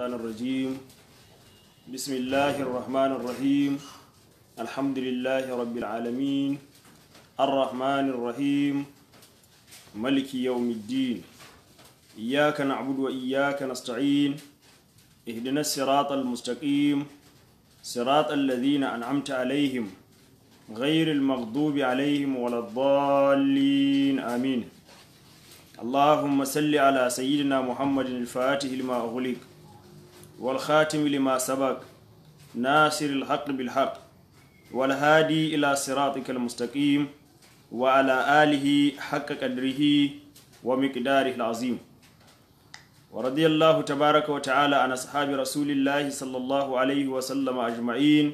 الشيطان الرجيم بسم الله الرحمن الرحيم الحمد لله رب العالمين الرحمن الرحيم ملك يوم الدين إياك نعبد وإياك نستعين اهدنا الصراط المستقيم صراط الذين أنعمت عليهم غير المغضوب عليهم ولا الضالين آمين اللهم صل على سيدنا محمد الفاتح لما أغلق والخاتم لما سبق ناصر الحق بالحق والهادي إلى صراطك المستقيم وعلى آله حق قدره ومقداره العظيم ورضي الله تبارك وتعالى عن أصحاب رسول الله صلى الله عليه وسلم أجمعين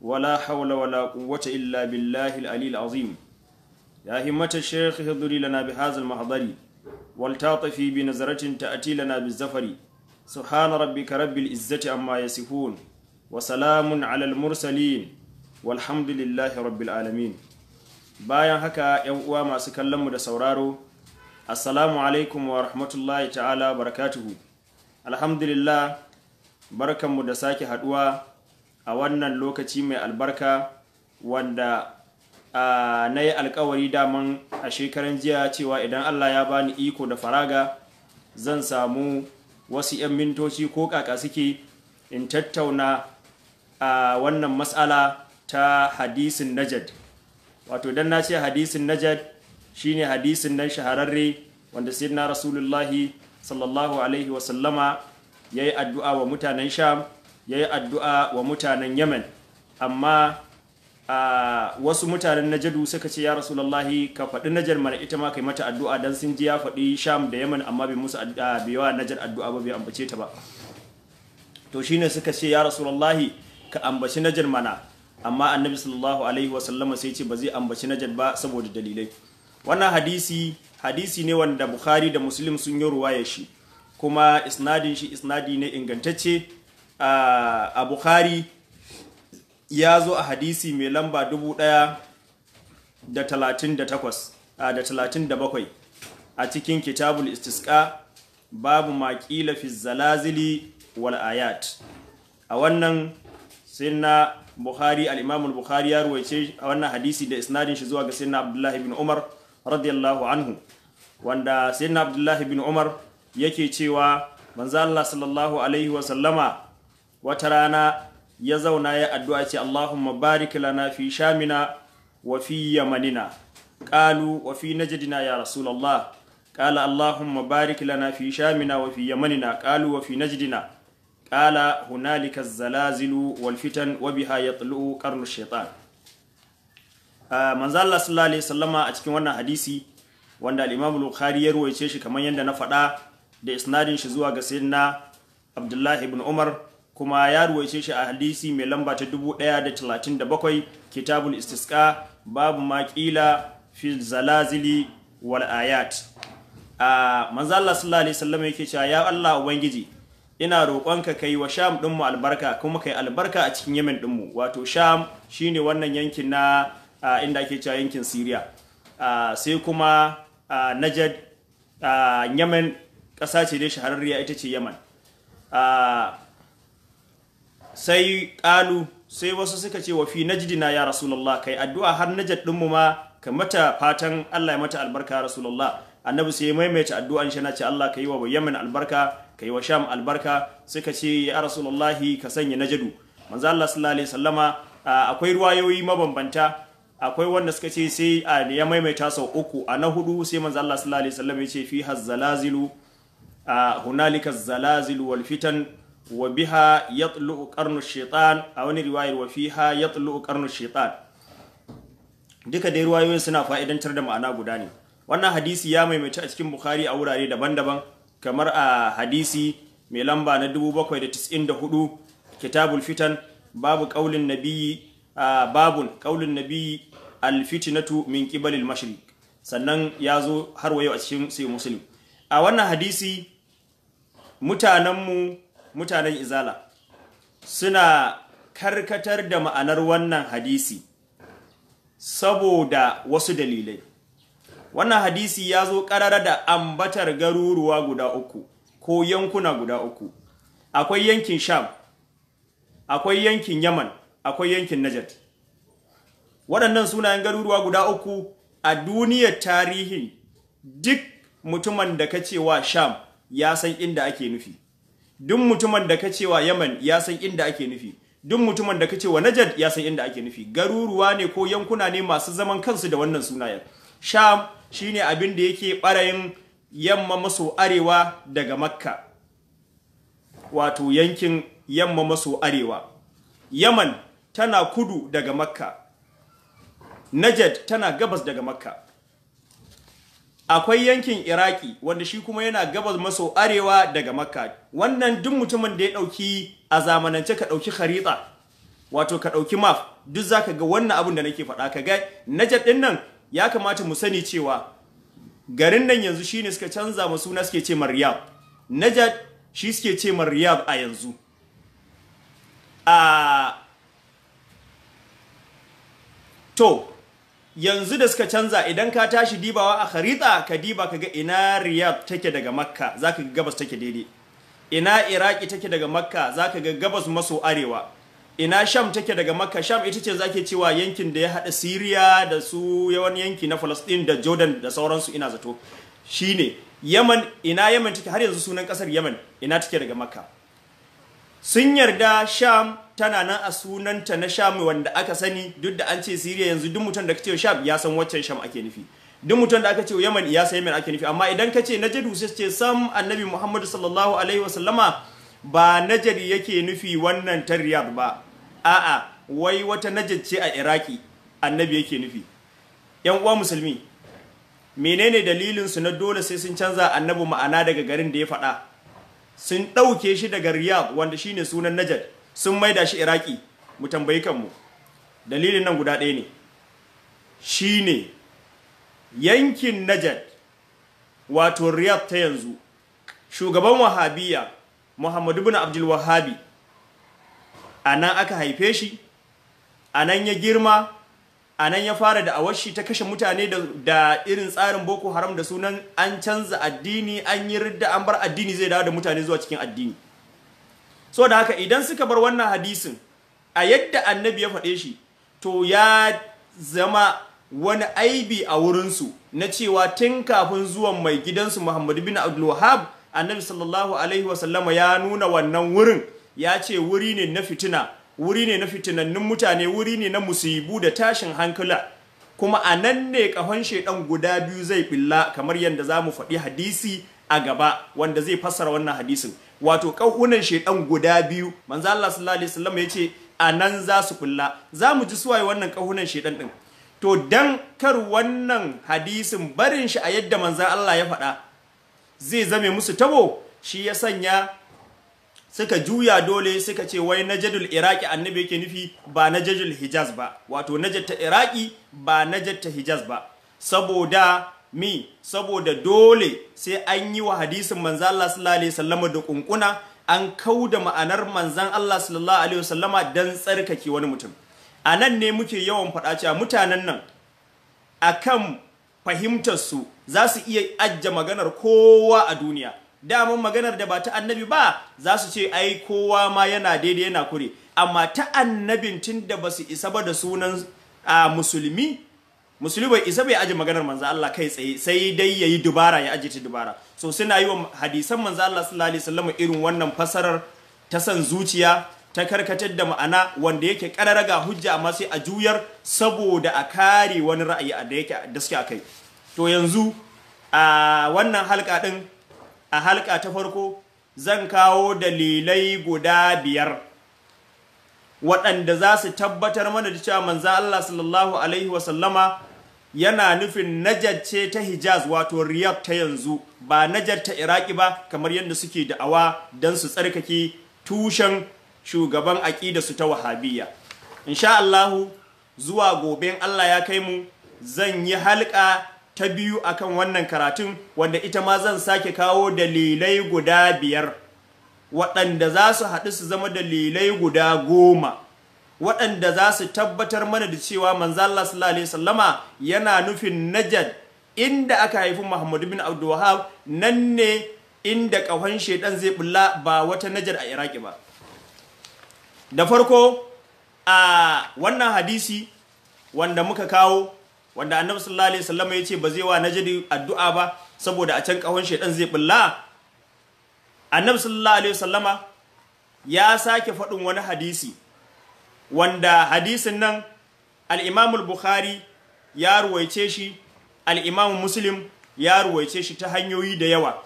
ولا حول ولا قوة إلا بالله العلي العظيم يا همة الشيخ اهضري لنا بهذا المحضر ولتعطفي بنظرة تأتي لنا بالزفر سبحان ربك رب العزة عما يصفون وسلام على المرسلين والحمد لله رب العالمين bayan haka ‘yan uwa masu kallonmu da sauraro assalamu alaikum wa rahmatullahi ta'ala barakatuhu alhamdulillah barkanmu da sake haduwa a wannan lokaci mai albarka wanda na yi alkawari daman a shekaran jiya cewa idan allah ya bani iko da faraga zan samu wasu 'yan mintoci ko kaka suke in tattauna a wannan matsala ta hadisin najad wato don na ce hadisin najad shine hadisin nan shahararre wanda sai na rasulullahi sallallahu alaihi wasallama ya yi addu'a wa mutanen sham ya yi addu'a wa mutanen yamen amma a wasu mutanen najadu suka ce ya rasulullahi ka faɗi najar mana ita ma kai mata addu'a dan sun ji ya faɗi sham da yaman amma bai musu addu'a bai wa najar addu'a ba bai ambace ta ba to shine suka ce ya rasulullahi ka ambaci najar mana amma annabi sallallahu alaihi wasallama sai ce ba zai ambaci najar ba saboda dalilai wannan hadisi hadisi ne wanda bukhari da muslim sun yi ruwaya shi kuma isnadin shi isnadi ne ingantacce a bukhari ya zo a hadisi mai lamba dubu ɗaya da talatin da talatin da bakwai a cikin kitabul istiska babu maƙila fi zalazili wal ayat a wannan sinna Buhari, al Buhari, ya ruwaice a wannan hadisi da isnadin shi zuwa ga sinna abdullahi bin umar radiyallahu anhu wanda sinna abdullahi bin umar yake cewa manzan Allah sallallahu alaihi Wasallama, wata rana ya zauna ya addu'a ce Allahumma barik lana fi shamina wa fi yamanina qalu wa fi najdina ya rasulullah qala Allahumma barik lana fi shamina wa fi yamanina qalu wa fi najdina qala hunalika zalazilu wal fitan wa biha yatlu'u qarnu shaitan ah, manzo Allah sallallahu alaihi wasallama a cikin wannan hadisi wanda al-Imam Bukhari ya ruwaice shi kamar yadda na faɗa da isnadin shi zuwa ga Sayyidina Abdullah ibn Umar kuma ya ruwaice shi a hadisi mai lamba ta 1037 kitabul istisqa babu maqila fi zalazili wal ayat a manzo Allah sallallahu alaihi wasallam yake cewa ya Allah ubangiji ina roƙonka kai wa Sham din mu albarka kuma kai albarka a cikin Yemen din mu wato Sham shine wannan yankin na inda ake cewa yankin Syria sai kuma najad Yemen ƙasa ce dai shahararriya ita ce Yemen sai ƙalu sai wasu suka ce wa fi najdina ya rasulullah kai addu'a har najad din mu ma ka mata fatan Allah ya mata albarka ya rasulullah annabi sai ya maimaita addu'an shi ce Allah kai wa bayyamin albarka kai wa sham albarka suka ce ya rasulullah ka sanya najadu manzo Allah sallallahu alaihi wasallama akwai ruwayoyi mabambanta akwai wanda suka ce sai ya maimaita sau uku a na hudu sai manzo Allah sallallahu alaihi wasallam ya ce fi hazzalazilu hunalika zalazilu wal fitan wa biha yatlu karnu shaitan a wani riwayar wa fiha karnu shaitan duka dai riwayoyin suna fa'idantar da ma'ana guda ne wannan hadisi ya maimaita a cikin bukhari a wurare daban-daban kamar a hadisi mai lamba na 794 kitabul fitan babu kaulin nabiyyi babun nabiyyi alfitinatu min qibalil mashriq sannan ya zo har wayo a cikin sai muslim a wannan hadisi mutanenmu mutanen izala suna karkatar da ma'anar wannan hadisi saboda wasu dalilai wannan hadisi ya zo karara da ambatar garuruwa guda uku ko yankuna guda uku akwai yankin sham akwai yankin yaman akwai yankin najat waɗannan sunayen garuruwa guda uku a duniyar tarihin duk mutumin da ka cewa sham ya san inda ake nufi duk mutumin da ka cewa Yaman ya san inda ake nufi duk mutumin da ka cewa Najd ya san inda ake nufi garuruwa ne ko yankuna ne masu zaman kansu da wannan sunayen Sham shine abin da yake barayin yamma maso arewa daga Makka wato yankin yamma maso arewa Yaman tana kudu daga Makka Najad tana gabas daga Makka akwai yankin iraki wanda shi kuma yana gabas maso arewa daga makka wannan duk mutumin da ya dauki a zamanance ka dauki kharita wato ka dauki map duk za ka ga wannan abun da nake faɗa ka ga najar ɗin nan ya kamata mu sani cewa garin nan yanzu shine suka canza musu suna suke ce Maryam najad shi suke ce Maryam a yanzu a ah, to yanzu da suka canza idan ka tashi dibawa a harita ka diba ka ga ina riyadh take daga makka za ka gabas take daidai ina iraki take daga makka za ka ga gabas maso arewa ina sham take daga makka sham ita ce zake cewa yankin da ya haɗa siriya da su yawan yanki na Falasɗin da jordan da sauransu ina zato shine yaman ina yaman take har yanzu sunan ƙasar yaman ina take daga makka sun yarda sham tana nan a sunanta na sham wanda aka sani duk da an ce siriya yanzu duk mutum da wa sham ya san waccan sham ake nufi duk mutum da aka ce yaman ya san yaman ake nufi amma idan ka ce najadu sai ce sam annabi muhammadu sallallahu alaihi wasallama ba najari yake nufi wannan ta riyad ba a'a wai wata najad ce a iraki annabi yake nufi yan uwa musulmi menene dalilin su na dole sai sun canza annabi ma'ana daga garin da ya faɗa sun ɗauke shi daga Riyab wanda shi ne sunan najad sun maida shi iraki mu tambayi kanmu dalilin nan guda ɗaya ne Shi ne. yankin najad wato Riyab ta yanzu shugaban wahabiya Muhammadu ibn abdul wahabi anan aka haife shi anan ya girma a ya fara da awashi ta kashe mutane da irin tsarin boko haram da sunan an canza addini an yi ridda an bar addini zai dawo da mutane zuwa cikin addini so da haka idan suka bar wannan hadisin a yadda annabi ya faɗe shi to ya zama wani aibi a wurinsu na cewa tun kafin zuwan mai gidansu Muhammad bin Abdul annabi sallallahu alaihi wasallama ya nuna wannan wurin ya ce wuri ne na fitina wuri ne na fitinannun mutane wuri ne na musibu da tashin hankula kuma a nan ne kahon shaidan guda biyu zai billa kamar yadda za mu faɗi hadisi a gaba wanda zai fassara wannan hadisin wato kaukunan shaidan guda biyu manzo Allah sallallahu alaihi wasallam ce a nan za su billa za mu ji suwaye wannan kahunan shaidan din to dan kar wannan hadisin barin shi a yadda manzo Allah ya faɗa zai zame musu tabo shi ya sanya suka juya dole suka ce wai na najadul iraki annabi yake nufi ba na najadul hijaz ba wato na ta iraki ba na ta hijaz ba saboda mi saboda dole sai an yi wa hadisin manzo Allah sallallahu alaihi wasallama da kunkuna an kauda ma'anar manzan Allah sallallahu alaihi wasallama dan tsarkake wani mutum anan ne muke yawan faɗa cewa mutanen nan akan fahimtar su za su iya ajje maganar kowa a duniya damun maganar da ba ta annabi ba za su ce ai kowa ma yana daidai yana kure amma ta annabin tun da ba su isa ba da sunan musulmi musulmi bai isa bai aje maganar manzo Allah kai tsaye sai dai yayi dubara ya aji ta dubara so suna yi wa hadisan manzo Allah sallallahu alaihi wasallam irin wannan fasarar ta san zuciya ta karkatar da ma'ana wanda yake kararraga hujja amma sai a juyar saboda a kare wani ra'ayi da yake da suke akai to yanzu a wannan halka din a halka ta farko zan kawo dalilai guda biyar waɗanda za su tabbatar mana da cewa manzo Allah sallallahu alaihi wasallama yana nufin Najar ce ta Hijaz wato Riyadh ta yanzu ba Najar ta Iraki ba kamar yadda suke da'awa don su tsarkake tushen shugaban aƙida su ta wahabiyya insha zuwa goben Allah ya kai mu zan yi halka ta biyu a kan wannan karatun wanda ita ma zan sake kawo dalilai guda biyar waɗanda za su haɗu su zama dalilai guda goma waɗanda za su tabbatar mana da cewa manzala sallallahu alaihi yana nufin najad inda aka haifi Muhammadu bin Abdul nan ne inda ƙahon ɗan zai bulla ba wata najad a Iraki ba da farko a wannan hadisi wanda muka kawo wanda annabi sallallahu alaihi wasallam ya ce ba zai wa najdi addu'a ba saboda a can kahon shedan zai bulla annabi sallallahu alaihi wasallama ya sake faɗin wani hadisi wanda hadisin nan al-Imam al-Bukhari ya ruwaice shi al-Imam Muslim ya ruwaice shi ta hanyoyi da yawa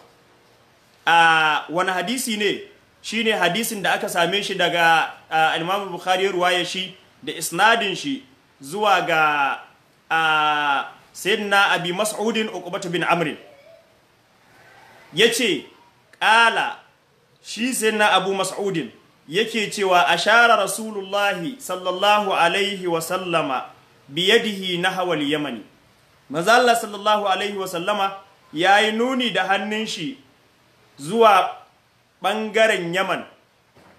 a wani hadisi ne shine hadisin da aka same shi daga al-Imam al-Bukhari ya ruwaye shi da isnadin shi zuwa ga a sayyidina abi mas'udin uqbatu bin amr yace qala shi sayyidina abu mas'udin yake cewa ashara rasulullahi sallallahu alaihi wa sallama biyadihi nahwa al-yamani mazalla sallallahu alaihi wa sallama yayi nuni da hannun shi zuwa bangaren Yaman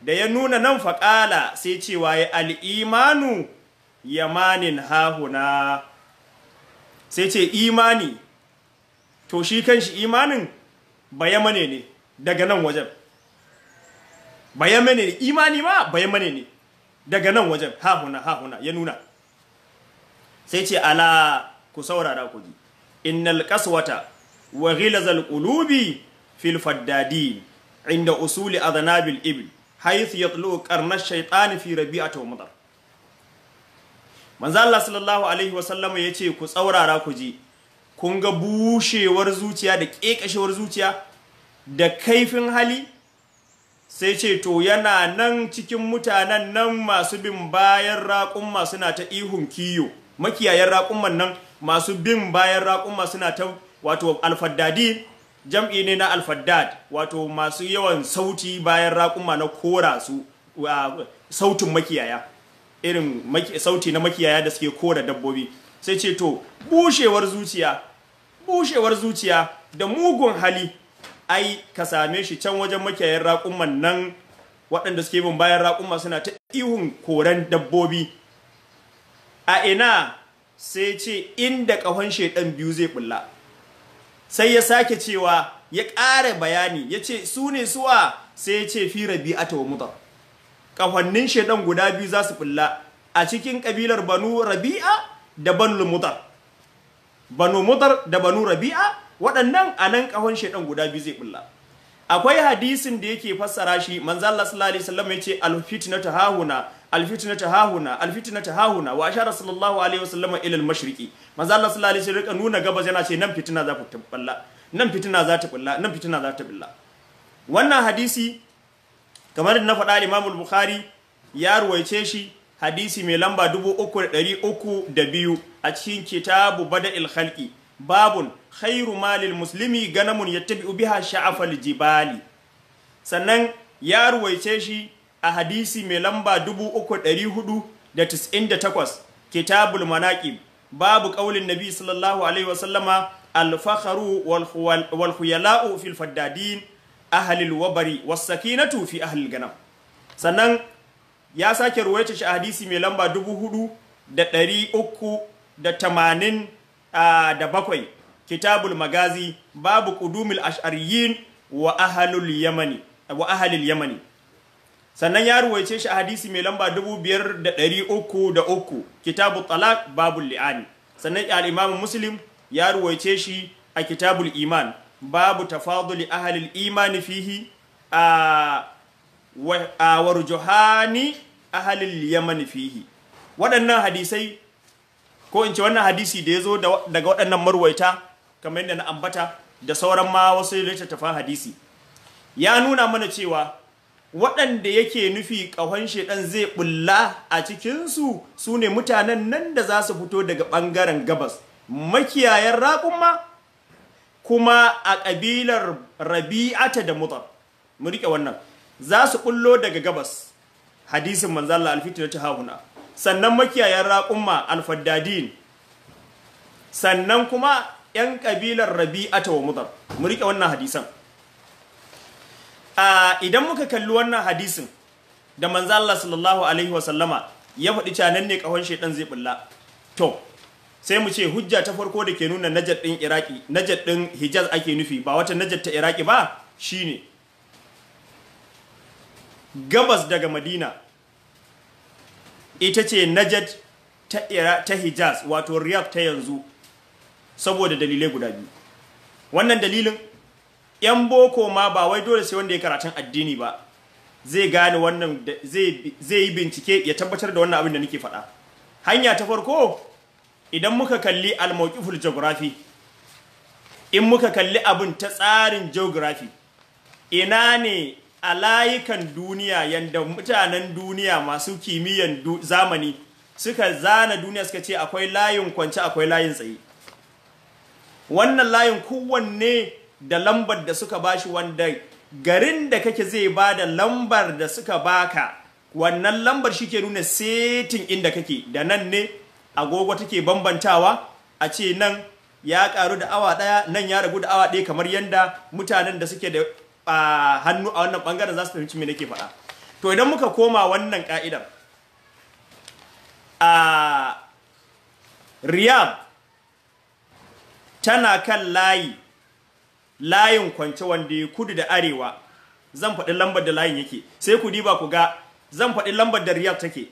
da ya nuna nan faƙala sai cewa ya imanu yamanin hahuna sai ce imani to shi kan shi imanin bayamane ne daga nan wajen bayamane ne imani ma bayamane ne daga nan wajen hahuna hahuna ya nuna sai ce ala ku saurara ku ji innal qaswata wa ghilazal qulubi fil faddadi inda usuli adhnabil ibl haythu yatlu qarna ash-shaytan fi rabi'ati wa mudar manzo Allah sallallahu alaihi wasallam ya ce ku tsaurara ku je kun ga bushewar zuciya da ƙeƙashewar zuciya da kaifin hali sai ce to yana nan cikin mutanen nan masu bin bayan raƙumma suna ta ihun kiyo makiyayen raƙumman nan masu bin bayan raƙumma suna ta wato alfaddadi jam'i ne na alfaddad wato masu yawan sauti bayan raƙumma na kora su sautin makiyaya irin sauti na makiyaya da suke kora dabbobi sai ce to bushewar zuciya bushewar zuciya da mugun hali ai ka same shi can wajen makiyayan raƙuman nan waɗanda suke bin bayan raƙuma suna ta ihun koren dabbobi a ina sai ce inda ƙahon shaidan biyu zai bulla sai ya sake cewa ya ƙara bayani ya ce su ne suwa sai ya ce fi rabi'ata wa mutar kafannin shedan guda biyu za su fulla a cikin kabilar banu rabi'a da banu mutar banu mutar da banu rabi'a waɗannan a nan kahon shedan guda biyu zai fulla akwai hadisin da yake fassara shi manzo Allah sallallahu alaihi wasallam yace al hahuna al ta hahuna al ta hahuna wa ashara sallallahu alaihi wasallam ila al-mashriqi manzo Allah sallallahu alaihi wasallam nuna gabas yana ce nan fitina za ta fulla nan fitina za ta nan fitina za ta wannan hadisi kamar na faɗa imamul Bukhari ya ruwaice shi hadisi mai lamba biyu a cikin kitabu bada ilhalki babun khairu malil muslimi ganamun tabi biha sha'afal jibali sannan ya ruwaice shi a hadisi mai lamba 3,498 kitabul manaƙi babu ƙaulin nabi sallallahu alaihi wasallama alfaharu walhuyala'u filfaddadin fil faddadin ahalil wabari wasakinatu fi ahalil ganam sannan ya sake ruwaita shi a hadisi mai lamba dubu hudu da kitabul magazi babu ƙudumil ash'ariyin wa ahalul yamani wa ahalil yamani sannan ya ruwaice shi a hadisi mai lamba dubu biyar da ɗari uku da uku kitabu talak babu li'ani sannan al'imamin muslim ya ruwaice shi a kitabul iman babu tafaduli ahalil imani fihi a warjuhani ahalil yamani fihi waɗannan hadisai ko in ce wannan hadisi da ya zo daga waɗannan marwaita kamar yadda na ambata da sauran ma wasu littattafan hadisi ya nuna mana cewa waɗanda yake nufi ƙahon shaidan zai bulla a cikinsu su ne mutanen nan da za su fito daga ɓangaren gabas makiyayan raƙuma. kuma a ƙabilar rabi'ata da mutar mu riƙe wannan za su ƙullo daga gabas hadisin manzala alfitir ta hahuna sannan makiyayen raƙumma alfaddadin sannan kuma 'yan ƙabilar rabi'ata wa mutar mu riƙe wannan hadisan idan muka kalli wannan hadisin da manzala sallallahu alaihi wasallama ya faɗi canan ne ƙahon shaidan zai ɓulla to sai mu ce hujja ta farko da ke nuna najad din iraki najad din hijaz ake nufi ba wata najad ta iraki ba shine gabas daga madina ita ce najad ta ta hijaz wato riyadh ta yanzu saboda dalilai guda biyu wannan dalilin yan boko ma ba wai dole sai wanda ya karatun addini ba zai gane wannan zai yi bincike ya tabbatar da wannan abin da nake faɗa hanya ta farko idan muka kalli al-mawqiful in muka kalli abin ta tsarin geography ina ne a layukan duniya yanda mutanen duniya masu kimiyyan zamani suka zana duniya suka ce akwai layin kwance akwai layin tsaye wannan layin kowanne da lambar da suka bashi wanda garin da kake zai ba da lambar da suka baka wannan lambar shi ke nuna setin inda kake da nan ne agogo take bambantawa a ce nan ya karu da awa daya nan ya ragu da awa daya kamar yanda mutanen da suke da hannu a wannan bangaren za su fahimci me nake faɗa to idan muka koma wannan ka'idan a riyam tana kan layi layin kwance wanda ya kudu da arewa zan faɗi lambar da layin yake sai ku diba ku ga zan faɗi lambar da riyab take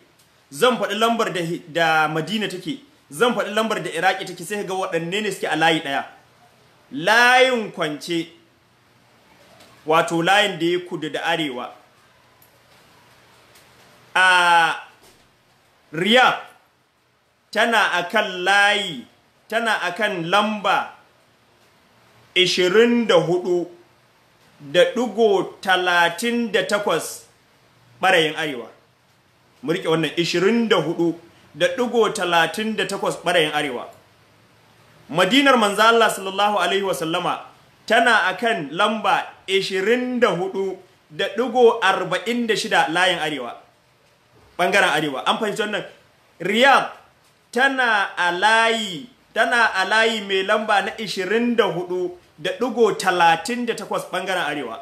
zan faɗi lambar da madina take zan faɗi lambar da iraki take sai ga waɗanne ne suke a layi ɗaya layin kwance wato layin da ya kudu da arewa a riyadh tana akan layi tana akan lamba 24 da ɗigo talatin da 38 ɓarayin arewa mu rike wannan 24 da digo 38 barayin arewa madinar manzo Allah sallallahu alaihi wasallama tana akan lamba 24 da digo 46 layin arewa bangaren arewa an fahimci wannan riyadh tana a layi tana a layi mai lamba na 24 da digo 38 bangaren arewa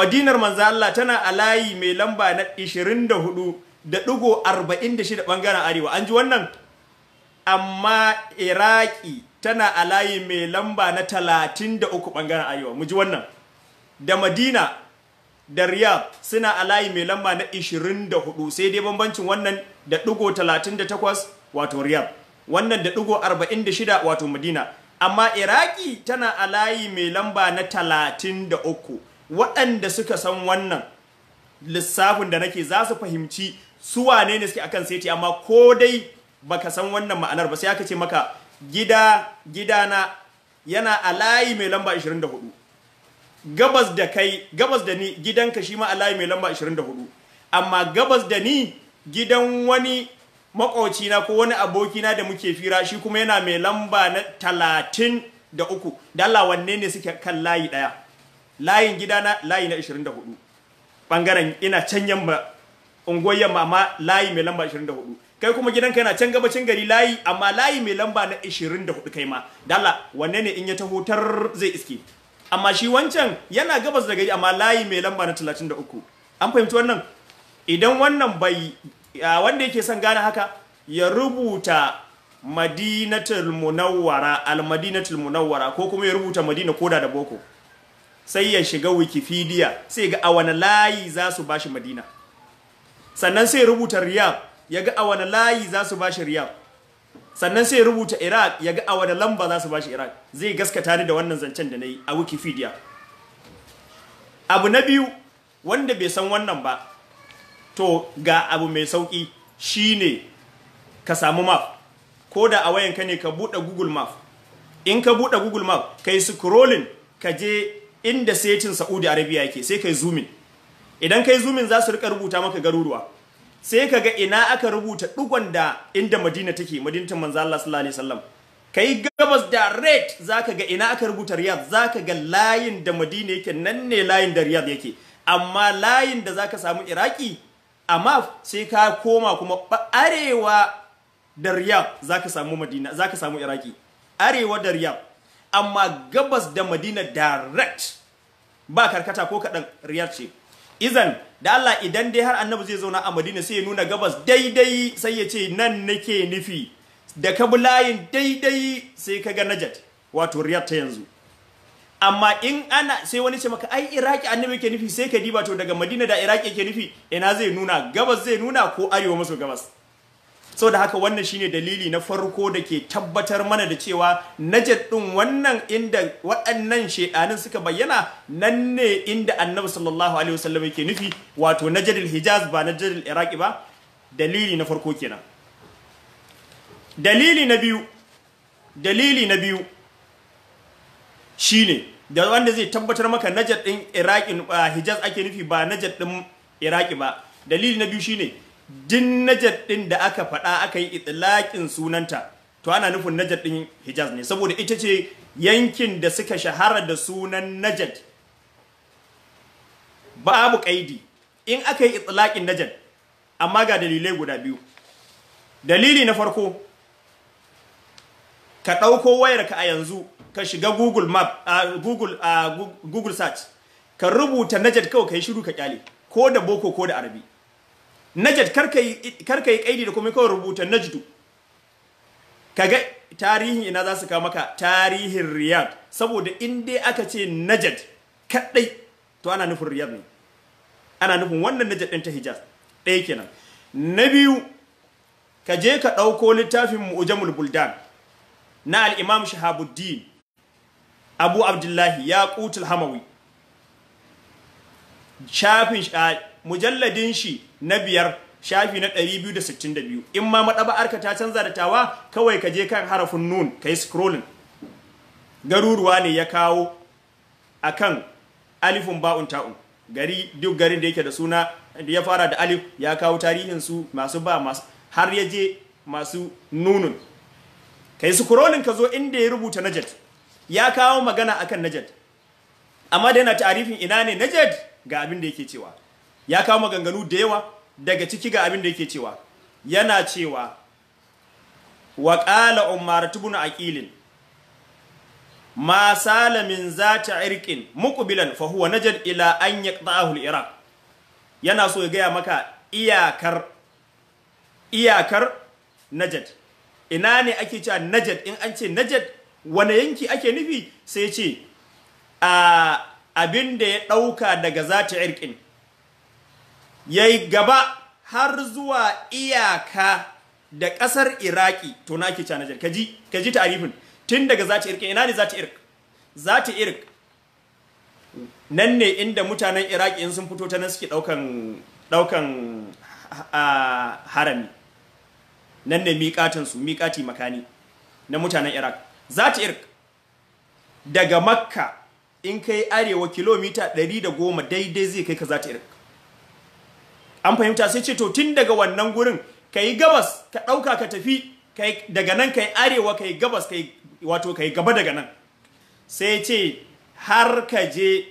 madinar manzo Allah tana a layi mai lamba na 24 da ɗigo arba'in da shida ɓangaren arewa an ji wannan amma iraki tana a layi mai lamba na talatin da uku ɓangaren arewa mu ji wannan da madina da Riyab suna a layi mai lamba na 24 sai dai bambancin wannan da ɗigo 38 wato Riyab. wannan da ɗigo 46 wato madina amma iraki tana a layi mai lamba na 33 waɗanda suka san wannan lissafin da nake za su fahimci su wane ne suke akan seti amma ko dai baka san wannan ma'anar ba sai aka ce maka gida gidana yana a layi mai lamba 24 gabas da kai gabas da ni gidanka shi ma a layi mai lamba 24 amma gabas da ni gidan wani makocina ko wani abokina da muke fira shi kuma yana mai lamba na talatin da uku Dala Allah wanne ne suke kan layi ɗaya layin gidana layi na 24 Bangaren ina can yamma unguwar yamma amma layi mai lamba 24 kai kuma gidanka yana can gabacin gari layi amma layi mai lamba na 24 kai ma dala wanne ne in ya taho tar zai iske amma shi wancan yana gabas da gari amma layi mai lamba na 33 an fahimci wannan idan wannan bai wanda yake son gane haka ya rubuta madinatul munawwara al madinatul munawwara ko kuma ya rubuta madina koda da boko sai ya shiga wikipedia sai ga a wani layi za su bashi madina sannan sai rubuta riyab ya ga a wani layi za su bashi riyab sannan sai rubuta iraq ya ga a wani lamba za su bashi iraq zai gaskata ni da wannan zancen da na yi a wikipedia abu na biyu wanda bai san wannan ba to ga abu mai sauki shine ka samu map ko da a wayanka ne ka buɗe google map in ka buɗe google map ka yi scrolling ka je inda setin saudi arabia yake sai ka yi zooming idan kai zumin za su rika rubuta maka garuruwa sai ka ga ina aka rubuta digon da inda Madina take Madinatin manzo Allah sallallahu alaihi wasallam kai gabas da red zaka ga ina aka rubuta za zaka ga layin da Madina yake nan ne layin da riyad yake amma layin da zaka samu Iraki amma sai ka koma kuma arewa da Riyadh zaka samu Madina zaka samu Iraki arewa da riyad amma gabas da Madina direct ba karkata ko kadan riyad ce izan da Allah idan dai har annabi zai zauna a Madina sai ya nuna gabas daidai sai ya ce nan nake nufi da ka daidai sai ka ga Najat wato Riyadh ta yanzu amma in ana sai wani ce maka ai Iraki annabi yake nufi sai ka diba to daga Madina da Iraki yake nufi ina zai nuna gabas zai nuna ko arewa maso gabas so da haka wannan shine dalili na farko da ke tabbatar mana da cewa najat din wannan inda waɗannan shedanin suka bayyana nan ne inda annabi sallallahu alaihi wasallam yake nufi wato najadul hijaz ba najadul iraqi ba dalili na farko kenan dalili na biyu dalili na biyu shine da wanda zai tabbatar maka najat din iraqi ah, hijaz ake nufi ba najat din iraqi ba dalili na biyu shine din najad din da aka faɗa aka yi itlaƙin sunanta to ana nufin najad din hijaz ne saboda ita ce yankin da suka shahara da sunan najad babu ka'idi, in aka yi itlaƙin najad amma ga dalilai guda biyu dalili na farko ka ɗauko wayarka a yanzu ka shiga google map uh, google, uh, google search ka rubuta najad kawai ka yi shiru ka kyale ko da boko ko da arabi najad karka yi kaidi da kuma kawai rubuta najdu ka ga tarihin ina za su kawo maka tarihin riyad saboda in dai aka ce najad kadai to ana nufin riyad ne ana nufin wannan najad din ta hijaz ɗaya kenan na biyu ka je ka ɗauko littafin mu'ujamul buldan na alimam shahabuddin abu abdullahi ya hamawi shafin mujalladin shi na biyar shafi na ɗari 262 in ma maɗaba'arka ta canza da tawa kawai ka je kan harafin nun ka yi scrolling garuruwa ne ya kawo akan alifin ba'un ta'un gari duk garin da yake da suna da ya fara da alif ya kawo tarihinsu masu ba masu har ya je masu nunun ka yi scrolling ka zo inda ya rubuta najad ya kawo magana akan najad amma da yana tarifin ina ne najad ga abin da yake cewa ya kama maganganu da yawa daga ciki ga abin da yake cewa yana cewa wa qala umar ibn aqil ma sala min zata irqin muqbilan fa huwa najad ila an yaqta'ahu al-iraq yana so ya gaya maka iyakar iyakar najad ina ne ake cewa najad in an ce najad wane yanki ake nufi sai ce a abin da ya dauka daga zata irqin yi gaba har zuwa iyaka da kasar iraki to na ke canajar ka ji ta'arifin tun daga ta irka ina ne ta irka ta irka nan ne inda mutanen iraki in sun fito ta nan suke daukan harami nan ne miƙatinsu miƙati makani na mutanen iraq ta irka daga makka in kai arewa kilomita 110 daidai zai kai ka ta irka an fahimta sai ce to tun daga wannan gurin ka yi gabas ka ɗauka ka tafi daga nan ka yi arewa ka yi gabas kai wato yi gaba daga nan sai ce har ka je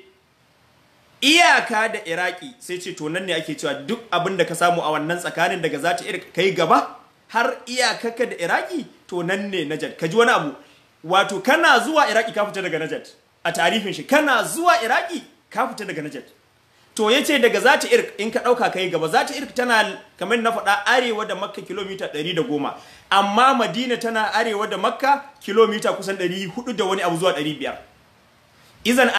iyaka da iraki sai ce to nan ne ake cewa duk abin da ka samu a wannan tsakanin daga za ta yi gaba har iyakaka da iraki to nan ne najad ka ji wani abu wato kana zuwa iraki ka fita daga najad a tarihin shi kana zuwa iraki ka fita daga najad to ce daga zata irk in ka dauka kai gaba zata irk tana kamar na faɗa arewa da makka kilomita 110 amma madina tana arewa da makka kilomita kusan 400 da wani abu zuwa 500 izan